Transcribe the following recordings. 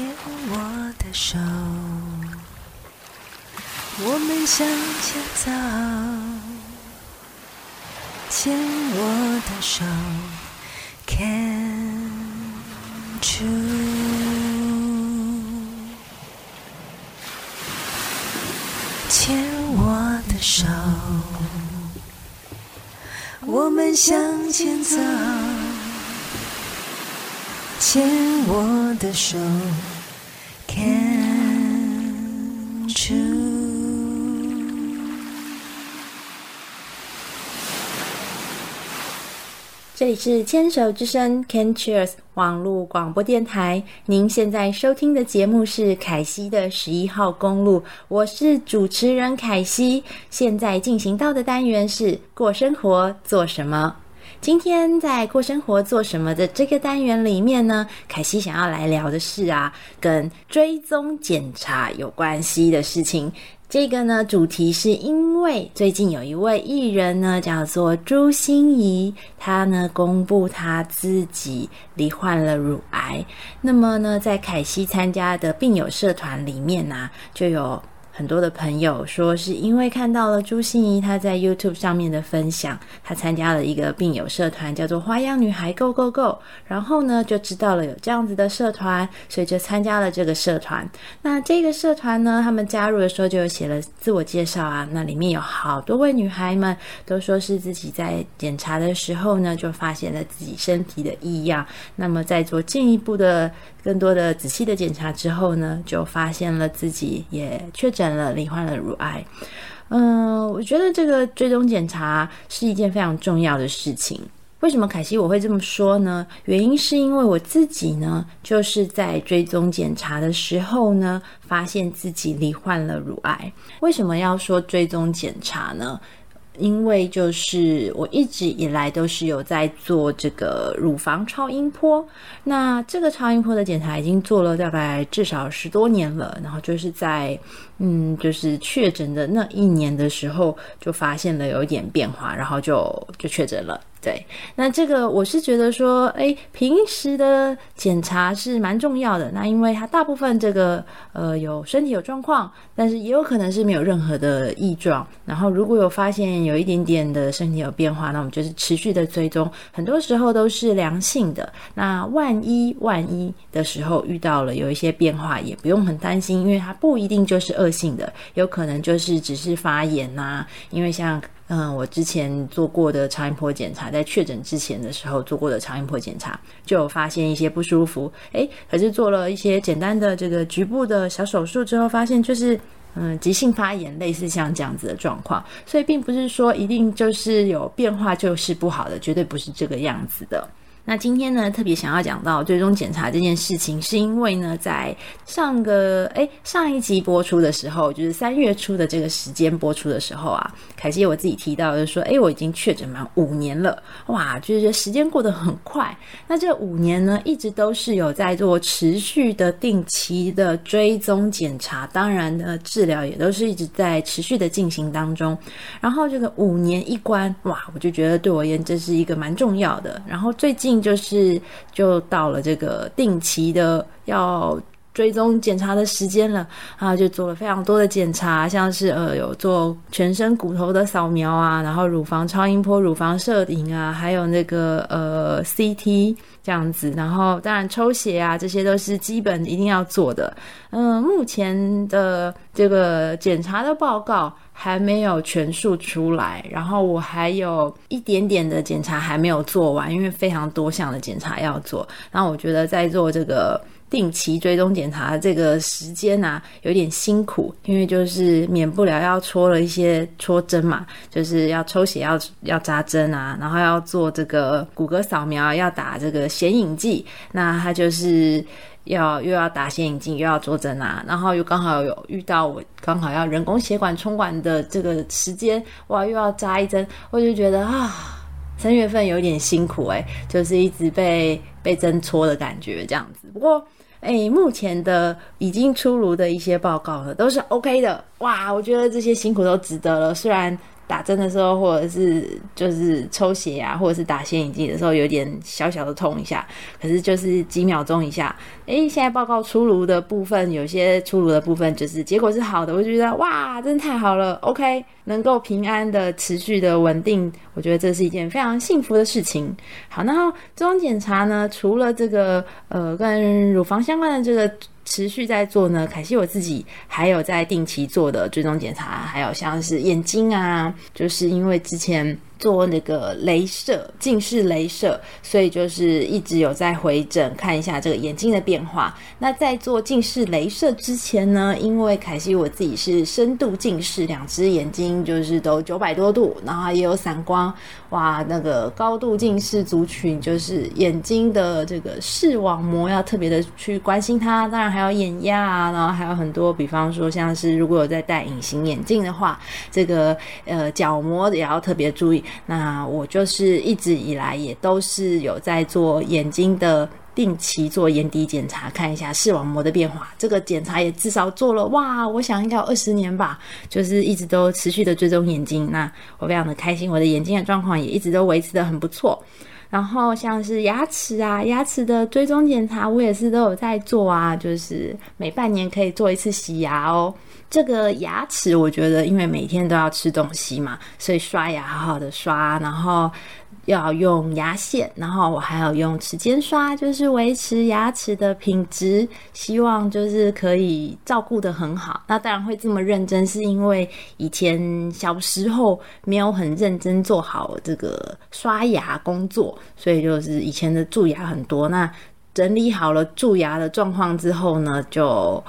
牽我的手，我們向前走。牽我的手，看牽我的手，我們向前走。牽我的手，Can choose。這裡是牽手之聲 Can choose 網絡廣播電台，您現在收聽的節目是凱西的十一號公路，我是主持人凱西，現在進行到的單元是過生活做什麼。今天在過生活做什麼的這個單元裡面呢，凱西想要來聊的是啊，跟追蹤檢查有關係的事情。這個呢，主題是因為最近有一位藝人呢，叫做朱心怡，她呢公布她自己罹患了乳癌。那麼呢，在凱西參加的病友社團裡面呢、啊，就有。很多的朋友說，是因為看到了朱芯儀，她在 YouTube 上面的分享，她參加了一個病友社團，叫做“花漾女孩 Go Go Go”。然後呢，就知道了有這樣子的社團，所以就參加了這個社團。那這個社團呢，他們加入的時候就寫了自我介紹啊。那裡面有好多位女孩們都說是自己在檢查的時候呢，就發現了自己身體的異樣。那麼在做進一步的、更多的仔細的檢查之後呢，就發現了自己也確診了，罹患了乳癌。嗯、呃，我覺得這個追蹤檢查是一件非常重要的事情。為什麼凱西我會這麼說呢？原因是因為我自己呢，就是在追蹤檢查的時候呢，發現自己罹患了乳癌。為什麼要說追蹤檢查呢？因為就是我一直以來都是有在做這個乳房超音波，那這個超音波的檢查已經做了大概至少十多年了，然後就是在嗯，就是確診的那一年的時候就發現了有一點變化，然後就就確診了。對，那這個我是覺得說，誒，平時的檢查是蠻重要的。那因為它大部分這個呃有身體有狀況，但是也有可能是沒有任何的異狀。然後如果有發現有一點點的身體有變化，那我們就是持續的追蹤。很多時候都是良性的。那萬一萬一的時候遇到了有一些變化，也不用很擔心，因為它不一定就是惡性的，有可能就是只是發炎吶、啊。因為像。嗯，我之前做過的超音波檢查，在確診之前的時候做過的超音波檢查，就發現一些不舒服，哎，可是做了一些簡單的這個局部的小手術之後，發現就是嗯急性發炎，類似像這樣子的狀況，所以並不是說一定就是有變化就是不好的，絕對不是這個樣子的。那今天呢，特別想要講到追蹤檢查這件事情，是因為呢，在上個哎、欸、上一集播出的時候，就是三月初的這個時間播出的時候啊，凱西我自己提到就說，哎、欸，我已經確診滿五年了，哇，就是時間過得很快。那這五年呢，一直都是有在做持續的、定期的追蹤檢查，當然呢，治療也都是一直在持續的進行當中。然後這個五年一關，哇，我就覺得對我而言這是一個蠻重要的。然後最近。就是，就到了這個定期的要追蹤檢查的時間了啊，就做了非常多的檢查，像是呃有做全身骨頭的掃描啊，然後乳房超音波、乳房攝影啊，還有那個呃 CT 這樣子，然後當然抽血啊，這些都是基本一定要做的。嗯、呃，目前的這個檢查的報告還沒有全數出來，然後我還有一點點的檢查還沒有做完，因為非常多項的檢查要做。那我覺得在做這個。定期追蹤檢查的這個時間啊，有點辛苦，因為就是免不了要戳了一些戳針嘛，就是要抽血要，要要扎針啊，然後要做這個骨骼掃描，要打這個顯影劑。那他就是要又要打顯影劑，又要戳針啊，然後又剛好有遇到我剛好要人工血管沖管的這個時間，哇，又要扎一針，我就覺得啊，三月份有點辛苦哎、欸，就是一直被被針戳的感覺這樣子。不過。哎、欸，目前的已經出爐的一些報告了，都是 OK 的。哇，我覺得這些辛苦都值得了，雖然。打針的時候，或者是就是抽血啊，或者是打顯影劑的時候，有點小小的痛一下，可是就是幾秒鐘一下。誒，現在報告出爐的部分，有些出爐的部分就是結果是好的，我就覺得哇，真的太好了。OK，能夠平安的持續的穩定，我覺得這是一件非常幸福的事情。好，然後這種檢查呢，除了這個呃跟乳房相關的這個。持續在做呢，凱西我自己還有在定期做的追蹤檢查，還有像是眼睛啊，就是因為之前做那個雷射，近視雷射，所以就是一直有在回診看一下這個眼睛的變化。那在做近視雷射之前呢，因為凱西我自己是深度近視，兩隻眼睛就是都九百多度，然後也有散光。哇，那個高度近視族群就是眼睛的這個視網膜要特別的去關心它，當然還有眼壓，啊，然後還有很多，比方說像是如果有在戴隱形眼鏡的話，這個呃角膜也要特別注意。那我就是一直以來也都是有在做眼睛的定期做眼底檢查，看一下視網膜的變化。這個檢查也至少做了哇，我想應該有二十年吧，就是一直都持續的追蹤眼睛。那我非常的開心，我的眼睛的狀況也一直都維持得很不錯。然後像是牙齒啊，牙齒的追蹤檢查我也是都有在做啊，就是每半年可以做一次洗牙哦。這個牙齒我覺得，因為每天都要吃東西嘛，所以刷牙好好的刷，然後。要用牙線，然後我還要用齒間刷，就是維持牙齒的品質。希望就是可以照顧得很好。那當然會這麼認真，是因為以前小時候沒有很認真做好這個刷牙工作，所以就是以前的蛀牙很多。那整理好了蛀牙的狀況之後呢，就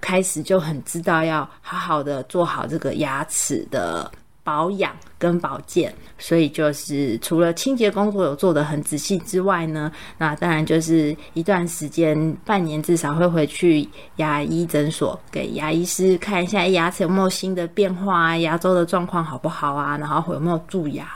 開始就很知道要好好的做好這個牙齒的。保養跟保健，所以就是除了清潔工作有做得很仔細之外呢，那當然就是一段時間半年至少會回去牙醫診所給牙醫師看一下牙齒有沒有新的變化啊，牙周的狀況好不好啊，然後會有沒有蛀牙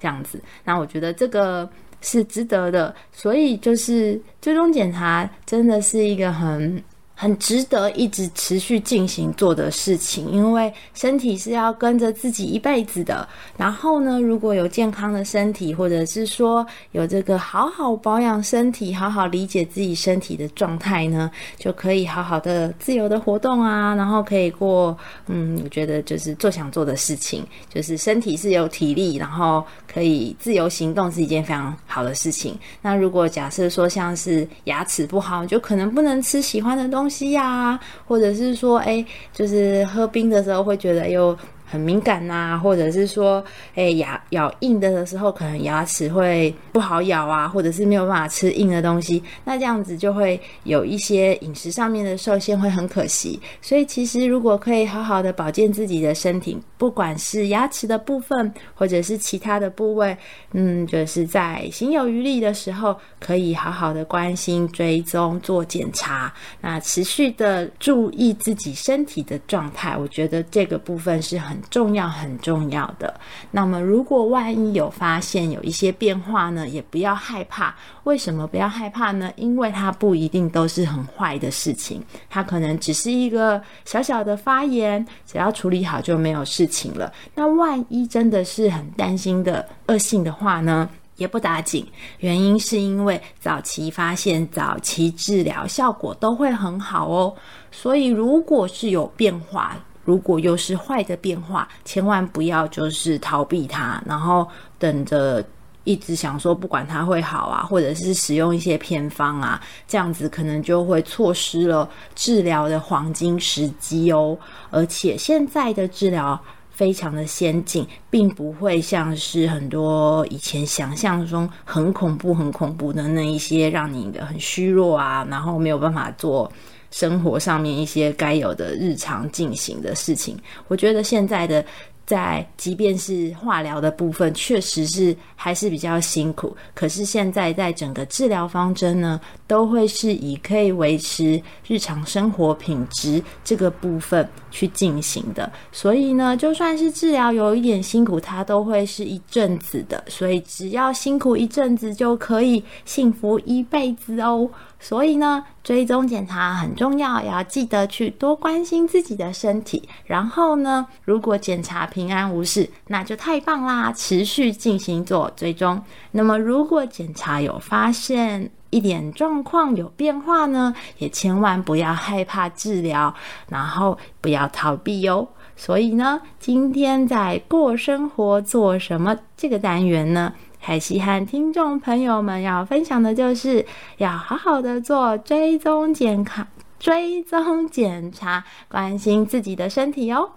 這樣子。那我覺得這個是值得的，所以就是追蹤檢查真的是一個很。很值得一直持續進行做的事情，因為身體是要跟着自己一輩子的。然後呢，如果有健康的身體，或者是說有這個好好保養身體、好好理解自己身體的狀態呢，就可以好好的自由的活動啊。然後可以過，嗯，我覺得就是做想做的事情，就是身體是有體力，然後可以自由行動是一件非常好的事情。那如果假設說像是牙齒不好，就可能不能吃喜歡的東西。東西呀，或者是說，誒、欸，就是喝冰的時候會覺得有。很敏感吶、啊，或者是說，哎、欸，牙咬硬的的時候，可能牙齒會不好咬啊，或者是沒有辦法吃硬的東西，那這樣子就會有一些飲食上面的受限，會很可惜。所以，其實如果可以好好的保健自己的身體，不管是牙齒的部分，或者是其他的部位，嗯，就是在行有餘力的時候，可以好好的關心、追蹤、做檢查，那持續的注意自己身體的狀態，我覺得這個部分是很。重要，很重要的。那麼，如果萬一有發現有一些變化呢，也不要害怕。為什麼不要害怕呢？因為它不一定都是很壞的事情，它可能只是一個小小的發炎，只要處理好就沒有事情了。那萬一真的是很擔心的惡性的話呢，也不打緊。原因是因為早期發現、早期治療，效果都會很好哦。所以，如果是有變化，如果又是壞的變化，千萬不要就是逃避它，然後等着一直想說不管它會好啊，或者是使用一些偏方啊，這樣子可能就會錯失了治療的黃金時機哦。而且現在的治療非常的先進，並不會像是很多以前想象中很恐怖、很恐怖的那一些，讓你的很虛弱啊，然後沒有辦法做。生活上面一些該有的日常進行的事情，我覺得現在的在即便是化療的部分，確實是還是比較辛苦。可是現在在整個治療方針呢，都會是以可以維持日常生活品質這個部分去進行的。所以呢，就算是治療有一點辛苦，它都會是一陣子的。所以只要辛苦一陣子，就可以幸福一輩子哦。所以呢。追蹤檢查很重要，要記得去多關心自己的身體。然後呢，如果檢查平安無事，那就太棒啦！持續進行做追蹤。那麼，如果檢查有發現一點狀況有變化呢，也千萬不要害怕治療，然後不要逃避喲。所以呢，今天在過生活做什麼？這個單元呢。凱西和聽眾朋友們要分享的就是，要好好的做追蹤檢查，追蹤檢查，關心自己的身體哦。